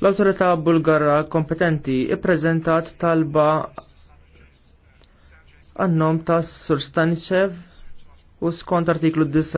L-autorità bulgara kompetenti ippreżentat talba għannom ta' Sur Stanicev u skont artiklu 9